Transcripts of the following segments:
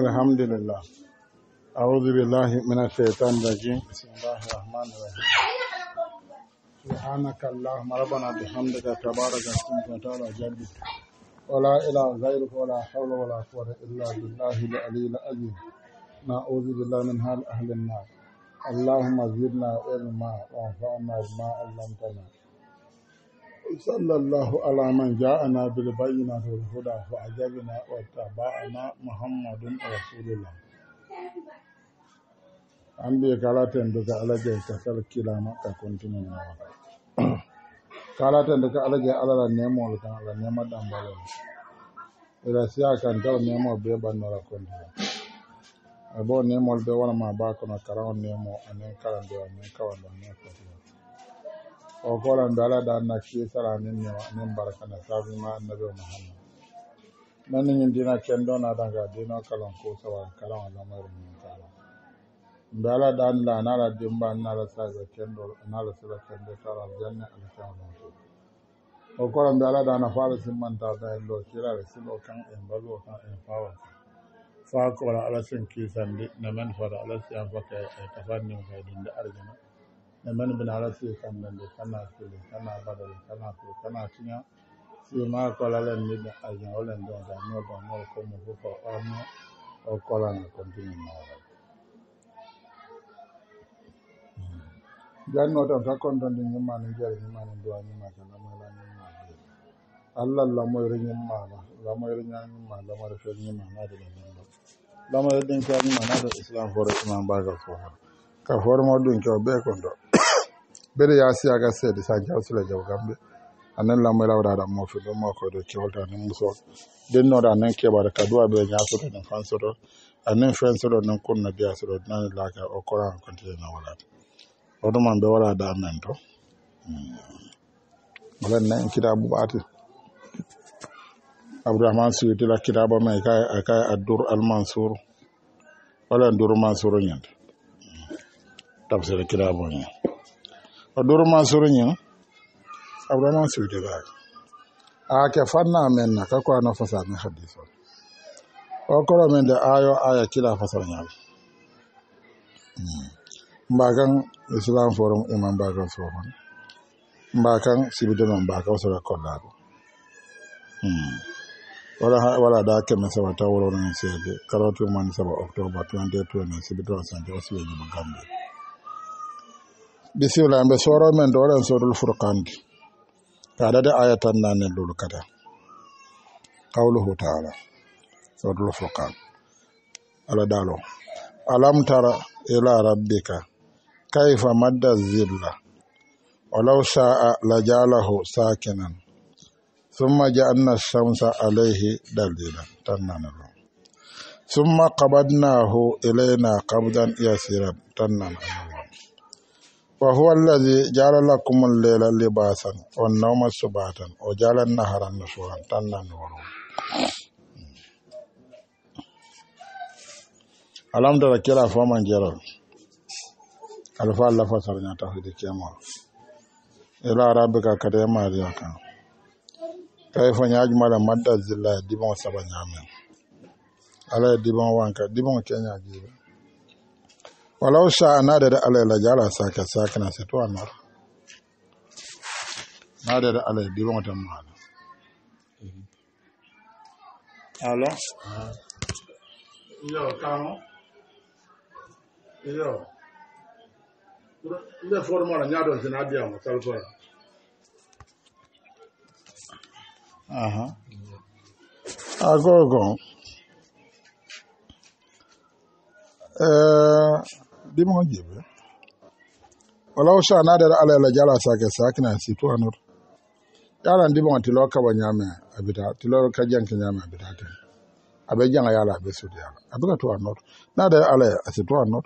الحمد لله أعوذ بالله من الشيطان الرجيم بسم الله الرحمن الرحيم سبحانك اللهم ربنا بحمدك تبارك اسمك وتعالى جدك ولا إله غيرك ولا حول ولا قوة إلا بالله العلي العظيم نعوذ بالله من هال أهل النار اللهم زدنا علما وانفعنا بما علمتنا sallallahu ala man jaana bil bayinati wal huda fa ajabna wa taba'na muhammadun rasulullah ambi kalaten daga alaje ta kalkila maka kontinu na kalaten daga alaje alala nemo da ala nemo dan bala ila siya kan da nemo be banna la kontinu abo nemo be wala ma ba kono karawon nemo anen karande wa men kawon nemo o folan do ala ɗanna kisara nin ne nin barkana kafima annabi muhammad nan nin dina kendo na daga dino kalon ko sawa kalan alamar min kala da ala na la sai ken nala na kendo sai ken kendo tara aljanna alkama ko o kola mbe ala ɗana fala simmanta da en lo kirare silo kan en baluo kan en fawa fa ko ala sen kisandi nemen fara ala siyan faka e din da arjana na mani bin ala siye kandande kana sile kana badale kana fo kana tiɲa siye maa kɔla lɛ ni bɛ a yan o lɛ dɔn ka n'o dɔn n'o ko mo ko fɔ ɔ mo ɔ kɔla na kɔntini ma wɛrɛ. jani wata ta kɔntɔn di ɲuman ni jɛri ɲuman ni duwa ɲuman ka lamɔla ɲuman bɛ ala lamɔyɔrɔ ɲuman la lamɔyɔrɔ ɲuman ɲuman lamɔyɔrɔ fɛn ɲuman n'a de bɛ ɲuman lamɔyɔrɔ den kɛ ɲuman n'a de islam fɔra imam ba ka fɔ ka fɔrɔmɔ don kɛ o bɛɛ kɔntɔn bere yasiyaga seede sa jawsila jaw gamɓe anen lamboy lawraɗa mofi ɗo makoyɗo kewolta anen musol dennoɗo anen keɓaɗa kadowa ɓe ñasoto nen fansoto anen fensoɗo nen kunna biyasoɗo nani laka o koran continue na walani oɗuman ɓe walaɗa amen to hmm. walani na en kitabu ɓaati abdourahman suwitila kitabu amen kaakay addour almansour walan dour mansour ñande tabsere kitabu ñen o ɗurma surñin abdoman suwtirak aake fanna men na kako a nafasaamin hadise o koro men de aayo aya kila fasalñaal hmm. mbakan islam forum iman mbakan sofan mbakan sibidono mbaka o sora kollaaɗo hmm. wala da keme saba tawolonen seede karotumani saba octobre 2 2 sibidono sanje o siweñima gambie bisimila yimɓe soorowo men ɗo ɗen sodol furkandi kaɗade aya tan nanen lol kada kawluhu taala sodol furkan ala ɗalo alam tara ila rabbika kayfa madda zilla o law saa la jalahu sakinan summa jaanna shamsa alayhi dalila tan nanal summa kabadnahu ilayna kabdan yasiran tan nanal وهو الذي جعل لكم الليل لباسا والنوم سباتا وجعل النهر نشورا تنا نورا alam da kira foman jerar alfa Allah fasar ya tafi da kemar ila rabbika kada ya mariya kan kaifan ya ji mara madar zilla diban saban yamin ala wanka diban kenya jiba walau sha na da alai la jara sake sake na sai to amar na da alai di ban watan mahala alo yo kamo yo nde foro mara nyado zina bia mo talfora aha agogo eh ɗi mon jiɓe walaw sa naɗere ala la jala sake sakina si tu anor yala ndi mon tilo kaba ñame abita tilo ka janke ñame abita te abe janga yala abe sudi yala abiga tu anor naɗere ala asi tu anor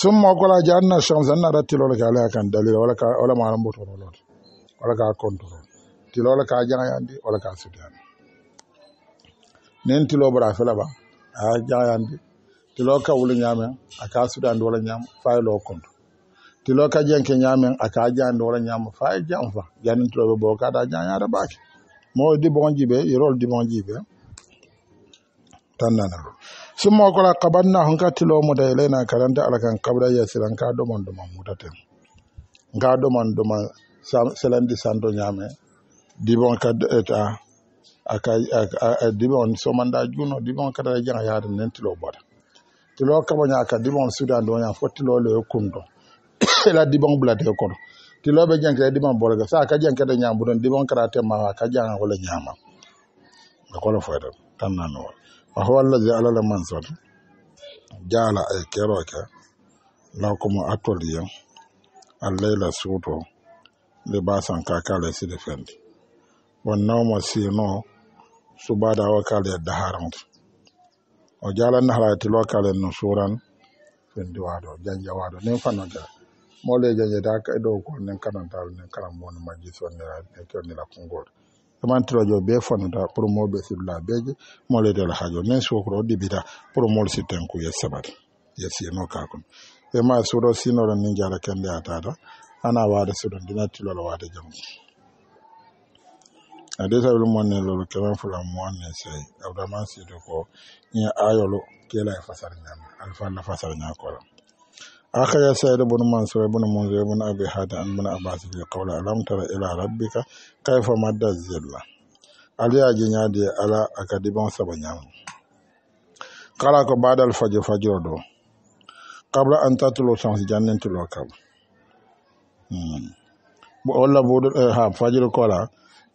sum mo kola janna chance naɗa tilo ka ala kan dalila wala ka wala mara mbotoro lot wala ka kontoro tilo la ka janga yandi wala ka sudi yala nen tilo bara fela ba a janga yandi tiloo ka wuli ñaameŋ eh, a ka a sudaandi wo la ñaam fa ye loo konto tiloo ka jeŋ ke ñaameŋ a ka a jaandi wo la ñaam fa ye jaŋ fa janintiloo be boo ka ata jaañaata baake moo ye diboŋ ji be yeroolu diboŋ ji be tannana sumoo ko la kabaɗ naa hon ka tiloo muta e leyna karante ala kaŋ kabda ye silaŋ ka domaŋ domaŋ muta teŋ nka domaŋ domaŋ selandi santo ñaame diboŋ ka ta a ka diboŋ somandaa juuno diboŋ kata jaŋ yaata nen tiloo bota tiloo kaboñaa ka dimoŋo sudan dooñaa fo tiloo le ye kundo i la dimoŋ bulatee kono tiloo be jenke dimoŋ bolga sa ka jenke de ñaam budon dimoŋ karate maawa ka jaŋa wo le ñaama a ko lo fo de tan na no wa howa la je ala le man soto jaala ay keroo ke law ko mo atolie a layla suuto le baa san kaa ka la sidi fendi bon naw mo siinoo subaada wo ka la ye daharante o jala nahalaati lokalel no suran sendi waɗo janja waɗo nin fanoja mole janjataka e ɗow kon nin kanantaro nin kanam mowoni majji sonnira ne kewnira kongol emantirojo be fonota pour moɓe sir labeji moletel hajo nin sukro ɗibita pour mol sitten ku ye sebat ye sino kakon ema suro sinoro ni jara kende a tata ana waɗa suro dinattilola waɗa jamu adesa wil monne lolu keman fula monne sey abdraman sido ko ñe ayolu kela e fasar ñam alfanna fasar ñakola akhaja saida bun mansur ibn munzir ibn abi hada an bun abbas fi qawla alam tara ila rabbika kayfa madda zilla aliya jinyadi e ala akadiban saba ñam kala ko badal fajo fajo do qabla an tatlu shams jannatul kab hmm. walla bodo eh, ha fajr kola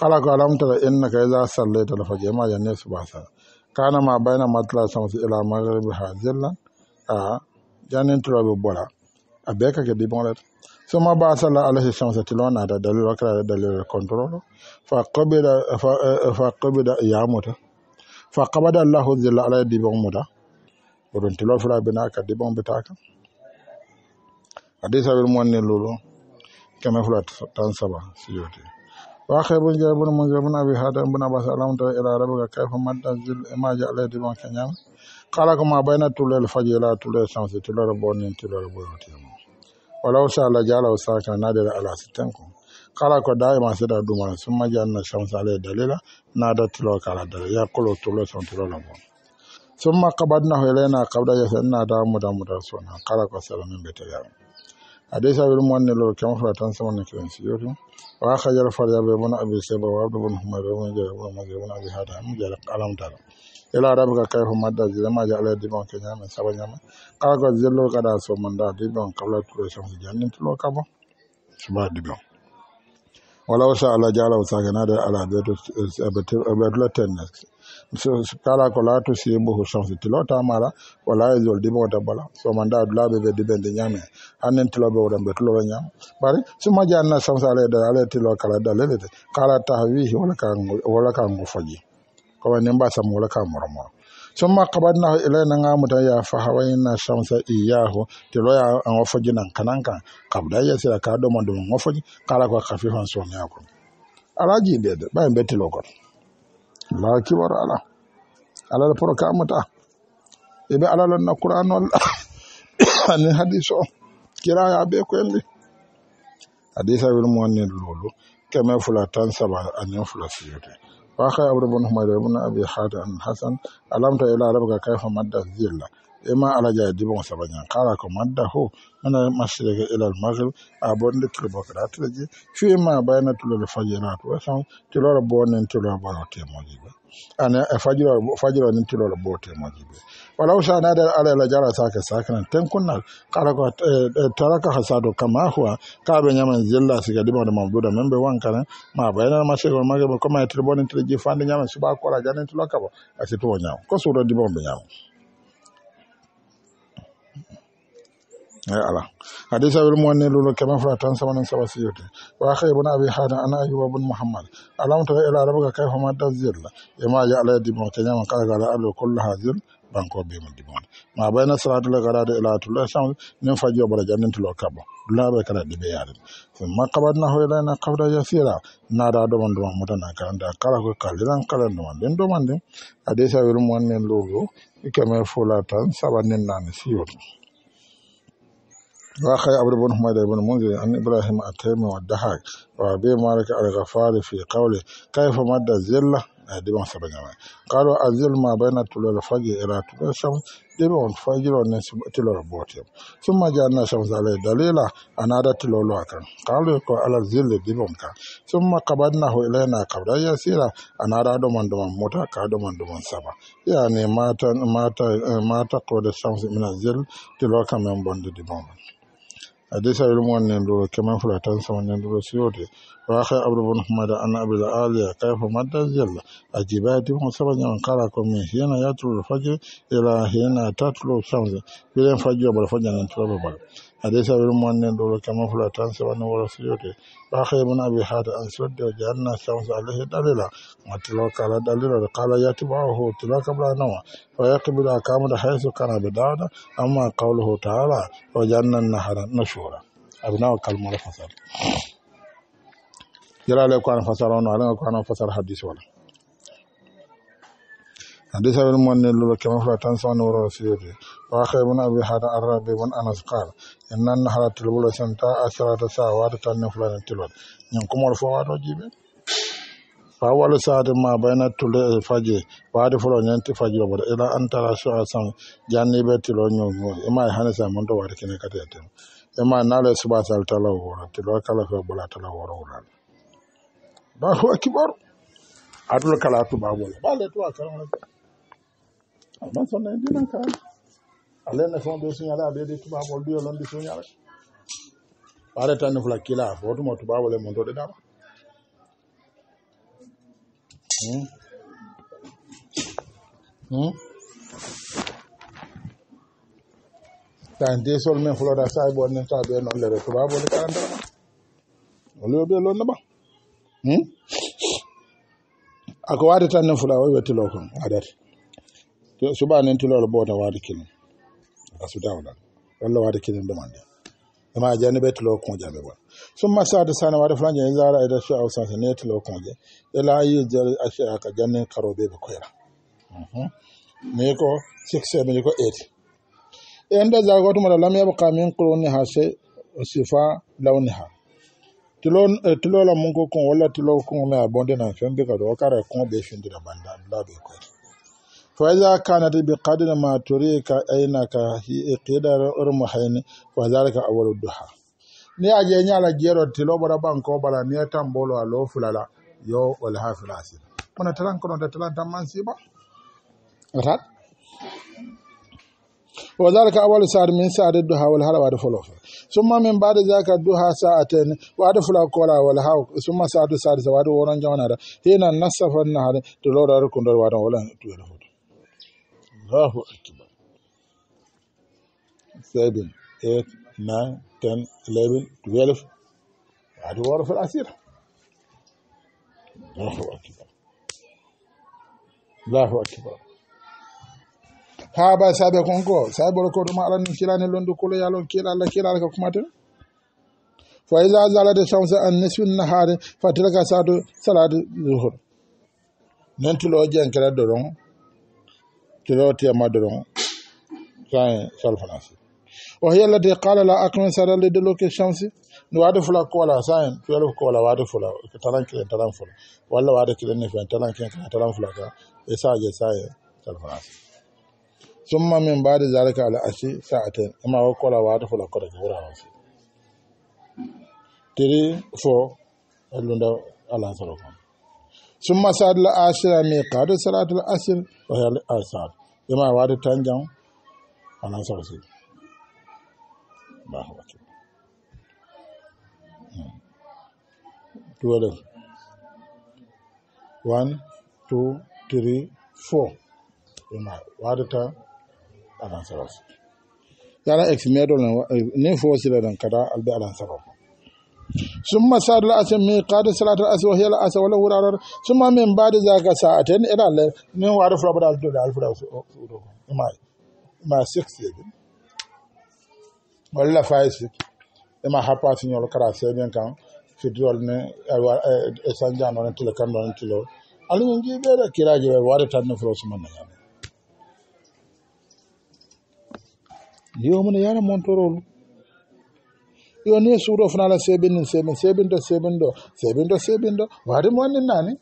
kala ko alamtara innaka ila sallaita alfajr ma janni subasa kana ma bayna matla samsi ila magrib ha zillan a janintura be bola a be kake di bonlet so ma ba sala alahi samsa tilona da dalil wakra da dalil control fa qabida fa qabida yamuta fa qabada allahu zilla ala di bonmuta odon tilo fura bina ka di bonbitaka hadisa bil muannil lulu kama fulat tan saba siyoti wakhebun jeybun mujrebun abi hatem bun abasa lamto ila rabika kayfa madda zil imaja alaydi ban kanyam qala kuma bayna tulal fajr ila tulal shamsi tulal bonni tulal buyutim walau sha la jala usaka nadir ala sitankum qala ko daima sida duma summa janna shamsa alay dalila nada tulal kala dal ya qulu tulal shamsi tulal bon summa qabadna ilayna qabda yasanna da mudamudar sunan qala ko salamin bitayam adai sabirin wannan lokacin furatan saman na kiran su yau wa aka jar farya bai bani abu sai ba wa dubun humar da wani jarabu da mazai wani abu ya hada mu jarabu alam da ila rabu ka kai humar da zira ma ala yadda ban saban yamma kaga zira lo kada so man da dai ban kabla turai san su jan tulo kama su ba dubu wala wasa ala jala wasa gana da ala bai tu abu tu kala ko laato siyembohu change tilo tamala ko laa jol dimoota bala soman da laaɓe ɓe diɓende ñaame hannen tiloɓe woɗon ɓe tuloɓe ñaam bare so maji anna change aleda ale tilo kala e dalelete kala taha wi wala ka ngo faji koma ni mbasam wala ka moromoro somma kabadnaho ilaynangamuta e ya fahawayna chance iyahu tiloya ango foji nan kanan kan kabdaya sira ka ɗomaɗum ngo foji kala ko kafi han somiyako ala jiɓede ɓaɓe tilo kon la kibaro ala alala poro kamata eɓe alalana qurano allah anin hadise o kiraya be koyemɓe hadisa wel mo anni lolu keme fula tan saba anin fula siyote waka abdo bon humaida ibne abi hata an hasan alamta ila rabga kayfa madda zilla e ma alaja e dibon sabañan kala ko madda ho ana masirege ilal magrib a bonde kribokratreji fii e ma bayna tulole fajirat wasan e tilora bonen tilora bawa temoji ɓe ane e fajiro nin tilola bo temoji ɓe wala usa nade ala la jara sake sakenan tenkunnal kala ko e, taraka ha sadu kama huwa kaɓe ñaman jella siga dimode mabduda men ɓe wankane ma bayna masirego magrib koma e tilbonentileji fande ñaman subakola janentilo kabo a situo ñaw ko suuro dibon ɓe ñaw ay ala hadisawel mu wanne lulo kema fla tan samanen saba siyote wa xey bona abi hadan ana ayuba bun mouhammad alamtaa ela rabaga kay foma dasiel e ma ya alaya dimo keñama kalagala alo colla hasil banko bema dimode ma bayna salatula garade ela tula change nen fajo bara jannintulo kabo dulaɓe kala ɗiɓe yaade ma kaɓatna ho elana kabda yasira nada doman duma mutana kanda kala ko kalliran kalan duman den doman den adisawel mu wannen lulo keme fula tan saba nennani siyoto وأخي عبد بن حميد بن منذر عن إبراهيم التيمي والدحاك وأبي مالك الغفاري في قوله كيف مد الزله ديما سبنجامي قالوا الذل ما بين طلوع الفجر إلى طلوع الشمس ديما الفجر والناس طلوع بوتيم ثم جاء الناس عليه دليلا أن هذا طلوع الوقت قالوا يقول على الزل ديما كان ثم قبضناه إلينا قبضا يسيرا أن هذا دوما دوما موتا كدوما دوما سبا يعني ما تقود الشمس من الزل طلوع كان من بند ديما a desa wel mo wannen ɗo keman fula tan sama nen ɗoɗo siwote waaka abdou bon humada an abila alia kayfo maddajella a jiba dimo saba ñama kala komi hena yatuloɗo fajo ela hena tatulo change bilen fajjo baɗa fajanen tulaɓe baɗa ade sabir mo annden ɗo ɗo camo fula tan sewanni wora fiyote ɓahemon abi hada an sodde o janna camso allah he ɗalila ma tilo kala ɗalila o kala yatibaa ho tila kabla nama fa yaqibila kamuda hayso kanaɓe dada amma kawluho taala o jannan nahara no suura abinawa kalmola fasal yalale ko an fasal ono alaga ko ana fasal hadis wala hadisare mon ne lolo kema fula tan sowno woro sirde waxee bon abi hada arrabi bon anas qal en nan hala tilwolo e senta a sarata sa wata tan ne fulane tilol ñin kumol fo wato jiɓe fa wala saade ma bayna tulle e faje waade fulo ñanti fajiro bota ila antara soa san janniɓe tilo ñoño ima e e hane sa mon to waade kene kati e tem ima naale subasal talaw wora tilo kala fe bola talaw woro wulal ba huwa kibor atul kala tubabola baletuwa salamu alaikum amma so ne dina ka alene fon do signala be de tuba bol do lon do signala pare tan fula kila fo e to mo tuba wala mon do de dama hmm hmm tan de sol men fula da sai bon ne tabe non le tuba bol ka e anda o le be lon ba hmm ako wadi tan fula o wetilo ko adati suba nen tilolo bota wade kinen a sudawolal walla wade kinen demande ema jani ɓe tilo konje ame bon summa sade sane wade flanje en zara ede fe ausance ne tilo konje e la yi jel afea ka jannen karoɓe ɓe koyra mii mhm. ko sixse miji ko eti e en de zal goto mota lam yeɓa ka min kulni ha se sifa lawni ha tilo e tilolo mun ko kon walla tilo kon me a bondenan fembi kado o kara e kon ɓe findira banda la ɓe koyra faida kanat biqadri ma turika aynaka qidar urmuhain fadhalika awwalu duha ni aje nyala jero tiloboda banko bala ni tambolo alo fulala yo wal hafilasi mona tan ko non tan tan man siba atat wadhalika awwalu sa'at min sa'at duha wal hala wadu fulof summa min ba'da zaka duha sa'atan wadu fulaw kola wal haw summa sa'atu sa'at wadu wonan jawana hina nasafan nahar tiloboda kundar wadu wala tuwa allahu akbar seven eight nine ten eleven twelve waade wooro fota sira allahu akbar allahu akbar ha bay saabe kon ko saabeo ko ɗuma alani kirani e londu kulo yalon kiira allah kiira ala ka kumaten fa ila zalade shamse an nisfin nahare fa tilaka sadu salade duhur nentilo jenkere do ɗon تلوتي مدرون كان سلفنا سي وهي التي قال لا اكمن سر لدلوك الشمس نواد فلا كولا ساين فيل كولا واد فلا تران كلين تران فلا ولا واد كلين فين تران كين كلين تران فلا اساجي ساي سلفنا سي ثم من بعد ذلك على اشي ساعتين اما وكولا واد فلا كولا كورا سي تري فو اللوندا على سلفنا ثم سعد الاشر ميقاد صلاه الاشر وهي الاشر ima waɗi tanjan anan sawsi allahu akbar twelve hmm. one two three four ima ta tan anan sawsi yara ex ne eh, fo sila ɗan kada albe alan sabab summa sadul asa mi qada salatul asa wa hiyal asa wala hurar summa min ba'da zaka sa'atan ila la ni wa ra fura badal dal dal fura fura ma ma six seven wala five six ma ha pa signor kara seven kan fidrol ne wa e sanja non tele kan non tele ali mun gi be da kiraje wa ra tan fura summa na ya yo mun ya na montorolu yo ni e suuɗo fana ala seɓinni seɓin seɓinɗo seɓinɗo seɓinɗo seɓinɗo waari mo wannin naani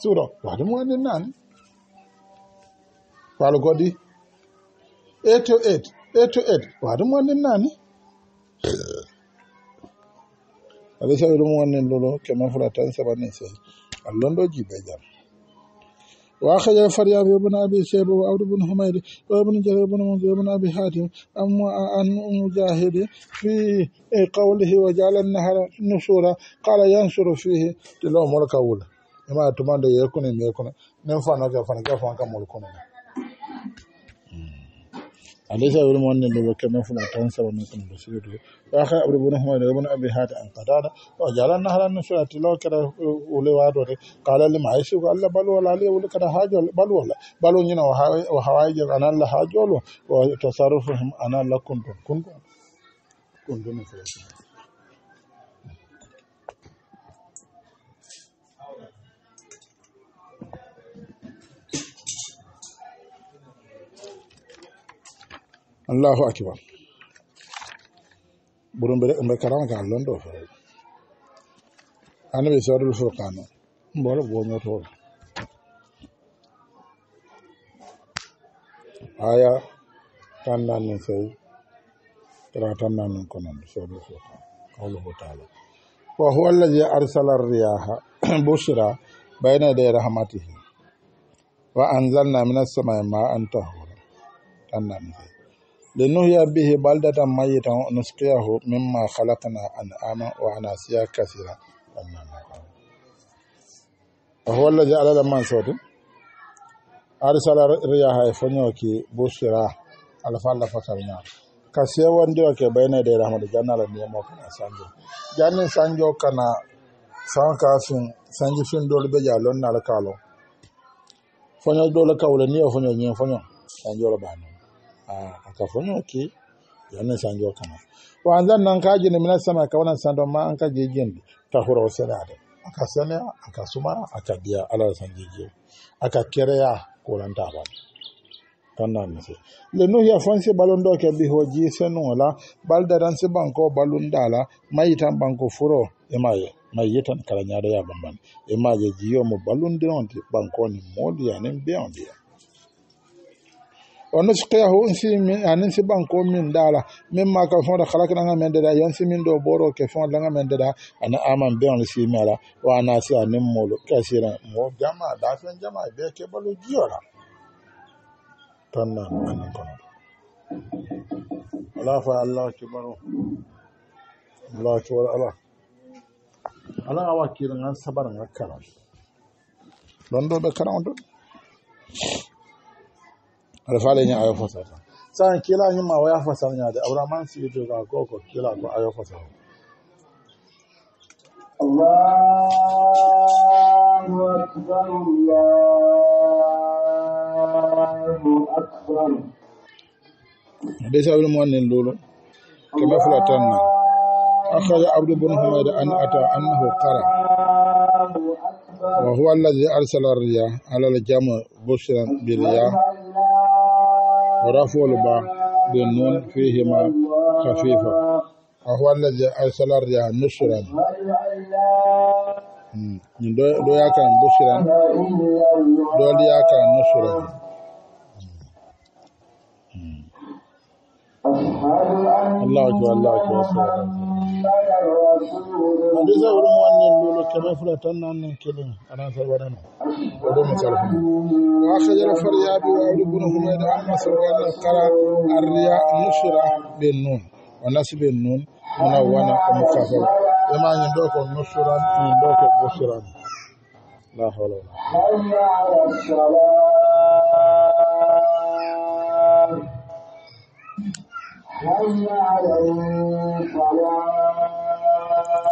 suuɗo waari mo wannin naani paalo goɗɗi eight to eight eight to eight waari mo wannin naani alay sawiɗum wannin ɗoɗo kema fula tan saɓannin sey allonɗo jiɓe jam waahaja faryaɓe yobana abi seba wa awdo bune homayde o yobana jara yobana mo yobana abi hatim amma a an mujahide fi qawlihi wa jaalannahara nusura qala yansuru fihi tilo molo ka wula ima tumande yeekune mekuna nem fanoke fanake fan kam molo kunene alaysa wurmo wonde nde wokke men fuma tan saba nokkon basirido waka abri bono huma de bono abi hata an qadada o jalan na halan fi atilo kada uh, ule wado de qala li maisu alla bal wala li ule kada hajo bal wala balu nyina wa hawai je an alla hajo lo to sarufu an alla kuntum kuntum kuntum fi atilo allahu akibar ɓurum ɓe ɓe karama ka allon ɗo fere anaɓe sadul furkano mbolo gomotoɗo aya tannanin sai tra tannanin konon sadul furkan qawluhu taala wa huwa allazi arsala arriyaha bushra bayna yaday rahmatihi wa anzalna min assamai ma an tahura tannanin sai le nuhiya bihi baldatan mayitan nuskiyahu mimma khalaqna an'ama wa anasiya kasira ahuwa lajin aladar man sautu arisalar riya haifun yauki bushira alfalla fatarnya ka siya wanda yau ke bayanai da rahama da janar da nemo kana sanjo janin sanjo kana sanjo kafin sanji fin dole bai yalon na alkalo fanyar dole kawo da niyar fanyar yin fanyar sanjo rabanin a ka fɔ n y'o kɛ yan ne kama wa an zan nan ka jini mina sama ka wannan san don ma an ka jejin ta hura wasu da ala san jeje aka kiraya koran ta ba kanna nise ya fansi balondo do ke bi hoji balda dan banko balundala dala mayitan banko furo imaye mayitan kalanya nyada ya bamban imaje jiyo mo balun dinon banko ni modi ya nen beyon dia o nuskiyahu nsianinsi banko min dala min ma kam fonda halaki nanga men deda yansi min do boro ke fonda nanga men deda ana aman ben si mala wa nasi anin molo kasira mo jama da fen jama be ke balu jiora tanna anan kono ala fa allah kibaru allah kibaru ala ala wakira nan sabar nan kala don do be kara on do aɗa faale ñin ayo fota tan san kila ñumma waya fasal ñaade abdourahmane sigi joga gooko kila ko ayo fota o ɓesaɓil moannin lulu keme fula tanna akhraja abdou bun humayda an ata annahu qara wa huwa alladi arsala riya alal jama bushran bi riyah rafol ba ɗen noon fehima ka fifa a hwallaje aysalarja nusran hmm. ɗo yakan busran doliyakan nusran الله أكبر الله أكبر الله أكبر Adisa wurin wannan lolo kame fulatan nan nan kilin a nan sarwa da nan. Wado masarfa. Wa aka jira farya bi wa wani gudun kuma da an masarwa da kara arriya nushira bin nun. Wa nasu bin nun muna wana a mukafa. Ima yin doko nushiran yin doko bushiran. La hawla wala. حي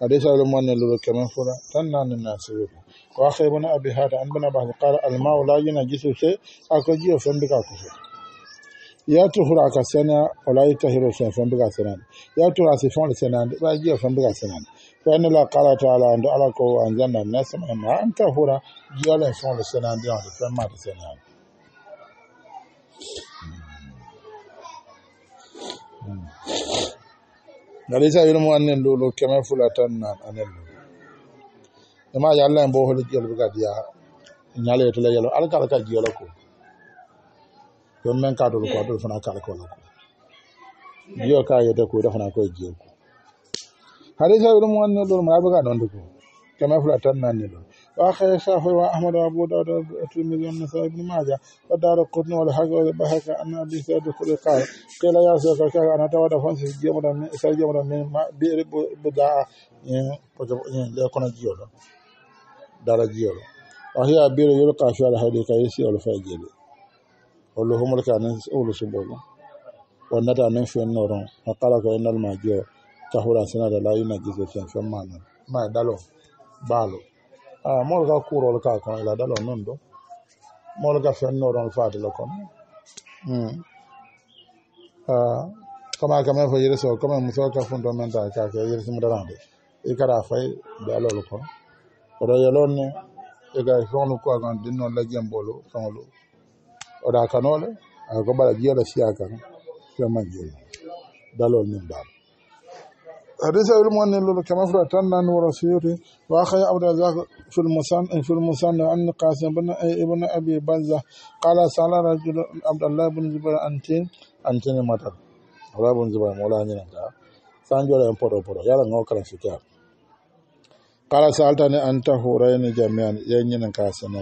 حديث أبي من لو كما فورا تنا الناس واخي بن ابي هذا أن بن بعض قال الماء لا ينجس شيء أكجي وفندك أكفر يا تهرا كسنا ولا يتهر شيء فندك سنان يا تهرا سفون سنان لا يجي فندك سنان فان لا قال تعالى ان على كو أنزلنا الناس ما أنت جي لا فون سنا دي فما سنان Mm-hmm. ngaɗi sa wino mo annen lolo keme fula tan nan anen lo ema ya allah en bo holi jelbu ga diya ñale yeto le yelo alkal ka jiyola ko jon men kadol ko adol fana kal kola ko jiyo ka yete ko ida fana koye jiyo ko hadi sa wino mo annen lolo mo rabe ga nonde ko keme fula tan nan ni lolo وآخر الشافعي وأحمد وأبو داود والترمذي والنسائي بن ماجه والدار القطن والحج والبهك أن أبي سعيد الخدري قال قيل يا شيخ الكعبة أنا توضى فانسي جمرة من سعيد جمرة من بئر بدعة ليكون جيولا دار جيولا وهي بئر يلقى في الحديث كيسي والفاجر اللهم لك أن أول سبوك والندى أن ينفي النور فقال لك إن الماجر تحول سنة لا ينجز الشيخ فما ما دلو بالو Ah, moolu ka kuurolu ka a kono ila daloo nuŋ do moolu ka feŋ nooroŋ faati le kono hmm. ah, kama ka meŋ fo yiri soo comme musoo ka funto meŋ taa ka ke yiri simu daraŋ de i e ka daa fayi be aloolu kono oto yeloolu ne e e i ka feŋolu ko a kaŋ dinnoolu la jemboolu feŋolu o daa kanoo le a ko bala jiyoo le siyaa kaŋ feŋ maŋ jee daloolu niŋ baala hadisa wuri mu wani lullu kamar furatan na nuwar suyuri ba ka yi abu za ka filmusan in filmusan da an nuka sai bin ayi ibn abi banza kala sala na jiru abdullahi bin zubar antin antin matar bin zubar mola ne nan ta san jiwa da yan fada fada yara nga kala sala ne an ta hura jami'an yan yi nan ka sai na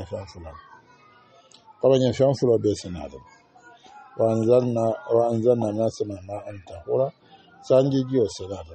yin fiye bai sana da wa'an zanna wa'an ma an ta hura san jiwa sana da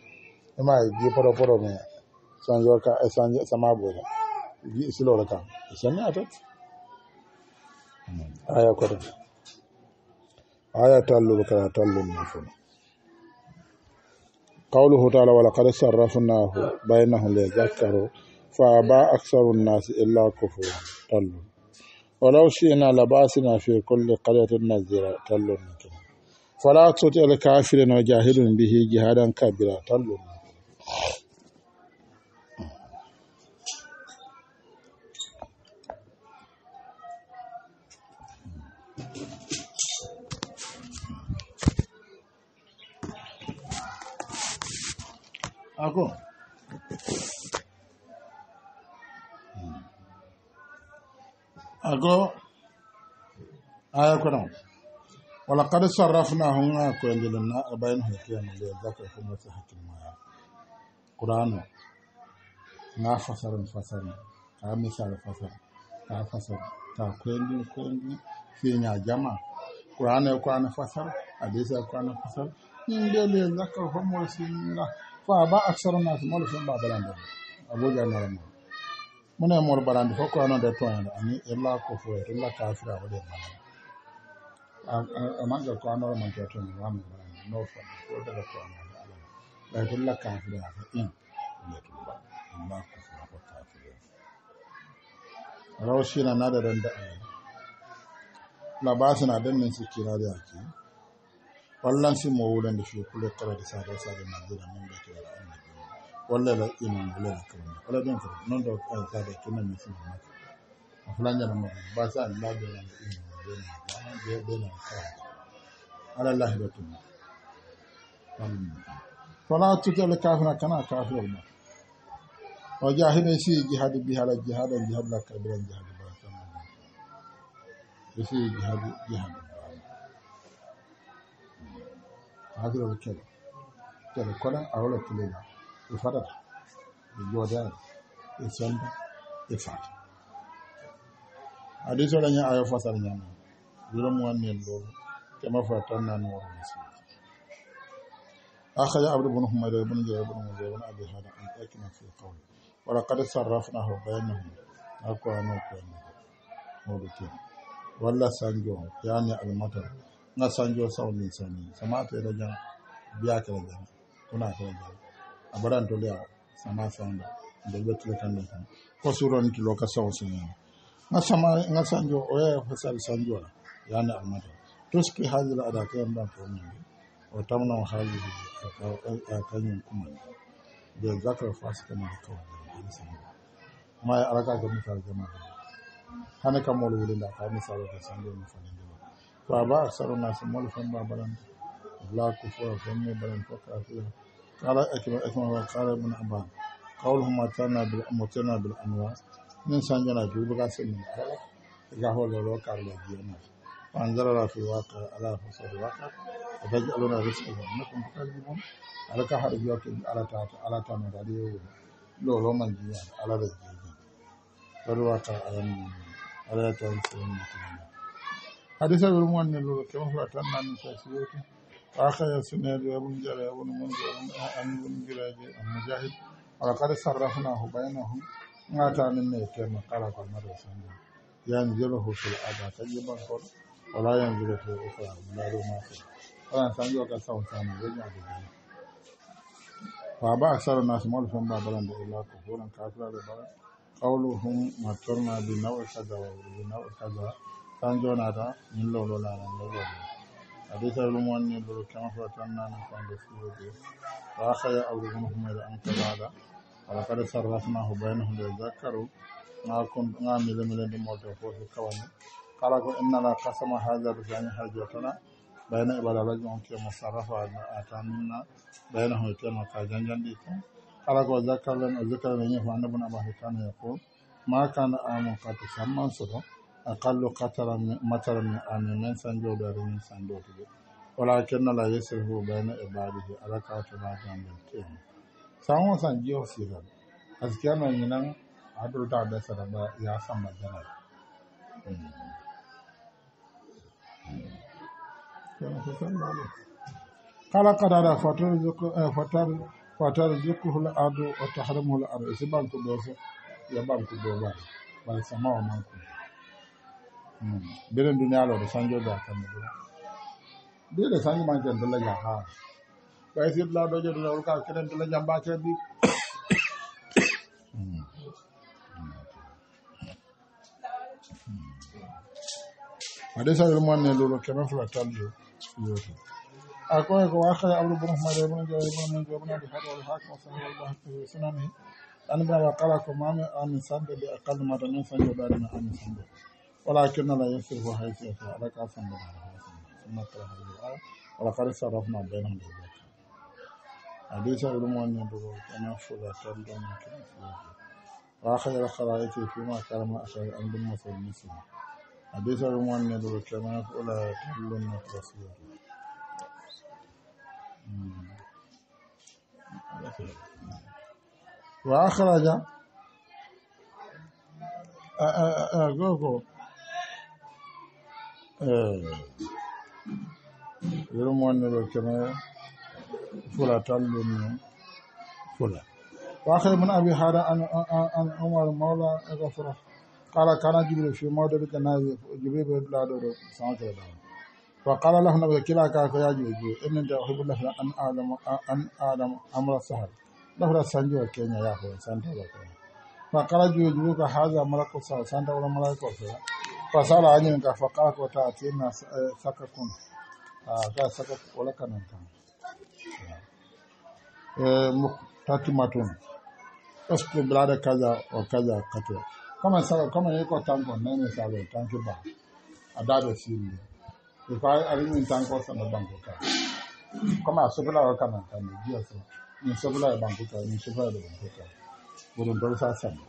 e maa gi poto poto mais changeur ka eh, e change sama boyta gi siloola kam e sanni atat aya koto aya tallu ka tallu ma fu qawluhu taala wala qad sarrafnahu baynahum li yadhakkaru fa aba aktharu an-nasi illa kufur tallu walaw shi'na la basina fi kulli qaryatin nazira tallu fala tuti al kafirin wa jahilun bihi jihadan kabira tallu Aku. Aku. Ayo kurang. Walau kada sarafna hunga aku yang dilena abain hakim dia zakat hukum sahakim ayah. alqur'anu nga fasaran fasari ta misal fasar ta fasar ta koyndi koyndi fiña jama qur'an e ko ana fasar hadise e ko ana fasar ɓiɓele zakkar fomoo sinna fa ba aksaro nas molo fen ba balande abuja narano mune mor balande fof ko ano nde toyande ani illa e ko fo illa e, e kafira waɗe balande amagga ko anoro manke toñi wam balande no fo ko daga ko anoo لا يقول لك كافر يا فإن يتوب أما كفر فكافر rawa shi na da ran da'a labasa na dan nan suke rari a ke wallan si mo wulan da shi kula tara da sadar sadar na jira nan da ke da annabi wallahi la iman wala la kan wala dan ka non da ka ta da kinan ne sun ma a fulan da mu ba sa Allah da ran iman da ne da da ne ka ala lahi da tuma amin fala attuke le kafina kana a kafirol ma o jaa hine si jihadi bi hala jihada jihadi lakka biran jihadi baratanna e si jihadi jihadi kafirol kele kele kono awola kilena e fatata e joodeare e senda e fata aditoreñe ayo fasal ñana wiro mu wannen ɗoo kema fo tan nani woro misilo akhaja abdu bune humayda bune jeya bune mu jeya bune abi hada an akina fi qawli wa laqad sarrafnahu baynahum alqur'ana kana hodu tin walla sanjo yani al matar na sanjo saw ni sani sama te da jan biya ke da jan kuna ke da jan abaran to liya sama sanda da betu ta ne kan ko suron ti loka saw sunu na sama na sanjo o ya fa sal sanjo yani al matar to spi hadira ada ke ndan to ni o tamna o hadira ka kawo ɗan kanyin kuma da za ka rufa su kama haka wani da sani ba kuma ya araka ga mutar gama da hana kan mawar da aka yi da sani da mafanin da ba to ba a tsaro na sun malufan ba baran la kufuwa sun ne baran ko kafiya kala akima akima ba kala bin abba kawul huma tana bil amutana bil anwa min san jana dubu ga sai min kala ga holo ro da biya na an zara rafi waka ala fasar waka وتجعلون رزقكم انكم تكذبون ala ka haɗa biyo keɓi alatata alatano daɗe yewoɗo lolo man jiyan alala jiyan waɗowaka ayan alayatan seyenmatana hadisa werum wanne lolo kewa fula tan nani sa siyoti akaya sunede yabun jara yabun munde yabun anbun jiraje an mujahid ala kad sarrafnahu baynahum gatanin ne tema kala kol maɗo sanda yani jelohu fil ada ka jiban kol wala yanzurote ukra wala ɗo ma fil alana sa njooga sawo sama weñaade dina fa ba sara nas mol fam ba balan de ila e ko holan kafirade bala qawlu hum ma torna bi naw kaza wa bi naw kaza sa njonata min lolo la na lolo ade sa lu mon ne bo kam fa tan na na ko de fu de wa khaya awu mun hum ila an kaza ala kada sarrafna hu bayna hum de zakaru ma kun nga mi le mi le de mo to fo kawani kala ko inna la qasama hadza bi jani hadjatuna bayna ibadalaji on ke musarrafa atanumna bayna hon kema ka janjanɗi ko kala ko zakarlen o zikar le ñifo annabin aba hitane yaqul ma kana amon kate samman soto aqallu katara matara min ami min sanjoɓe ade min sanjotuɓe wala kennala yesirfu bayna e baɗihi ala kawtonajanden tema san on san jiho sirade par ce que ano ñinan adurta ɓe sata ɓa ya samba janaye hmm. kala kada ara fatare jokkuhul ardu wa tahrimuhul ardu si banku doso ya banku doba bal samawa manku bere ndu nyalo do sanjo da kam do bere sanjo man jendo la ya ha bay sit la do jendo la ka kren do la jamba ce bi ade sa yel mo ne lolo kema fula tal أقوله وأخذ أبو بن حمد بن جابر بن من بن أبي حاتم والحاكم وصحيح الله في سننه أن بلا وقال كمان أن سند بأقل ما دون سند بعد ما أن سند ولكن لا يسر هو حيث يسر لك أسند ثم ترى هذه الآية ولقد صرفنا بينهم للذكر حديث أبو بن يدور كما فلا تندم وآخر الخلائق فيما كلام أشهر أن بن مسلم مسلم أبيثر من ذلكما آه، آه، آه، فلا يحل الكثير وأخرج أقولكم يرمون ذلكما فلا تلون فلا وأخرج من أبي هذا أن عمر مولى غفره kala kana jibril fi mawdalika naye jibril be laɗo ɗo sankere ɗam fa kala lahu nabi kila ka ko yaji e jur innita uhibullahi an alamu an alamu amra sahal lafra sanji o kenya yaho santaɓa ko fa kala jur jibril ko haga malaku sahal santawla malaika o fea fa sala añin ka fa kala ko ta tina saka kun a ka saka wala kanan tan tatimatun est ce que blaɗa kaja o kaja katoa kɔmi sɛbɛ kɔmi e kɔ tan kɔ nɛnɛ sɛbɛ tan ti ban a da bɛ si mi e ko ale ni tan kɔ sɛnɛ banko kan kɔmi a sɔbila yɛrɛ kana kan mɛ diɲɛ sɔrɔ nin You yɛrɛ banko kan nin sɔbila yɛrɛ banko kan bodon dɔ bɛ se a sɛnɛ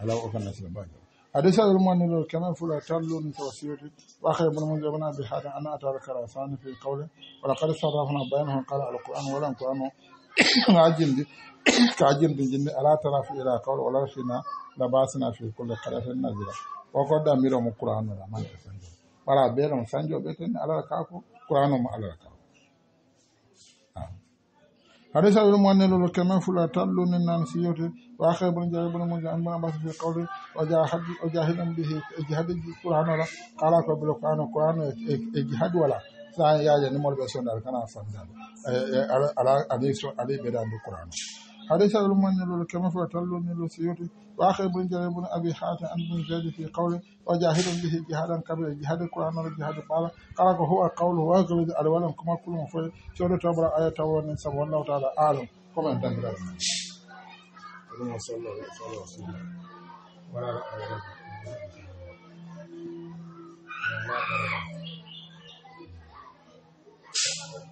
ala o kana sɛnɛ ban أليس المؤمن كما فلا تلون توسيري وأخي ابن مجبنا بهذا أن أتى الكراسان في قوله ولقد صرفنا بينهم قال القرآن ولم قرآن haajirndi ko haajirndi jinni alaa tana fi ira kawl wala fina labasina fi kulle kalaten nagira o goɗɗa miro mo couranora mae sanjo wala beeɗo mo sanjo ɓeten alala kaako couran omo alala kaako hadis aɓe ɗum wannelolo kemen fula talluni noon siyote wa xeɓono jaɓeɓono mo jaɓeɓono mbasa fi kawle o ja haji o jahinom ɗi e jihadi ji couranola kala ko ɓele qurano qurano e, e jihadi wala san ya yani mol be sonar kana fanda eh, eh, ala ali so ali be dan qur'an حديث المؤمن كما فتلوا من السيوطي واخر بن جرير بن ابي حاتم عن بن زيد في قوله وجاهد به جهادا كبيرا جهاد القران والجهاد قال قال هو قول واغلد الولم كما كل مفعول سوره تبرا ايه تبرا سبح الله تعالى اعلم كما تنبرا اللهم صل على رسول الله وعلى اله وصحبه وسلم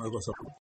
ます。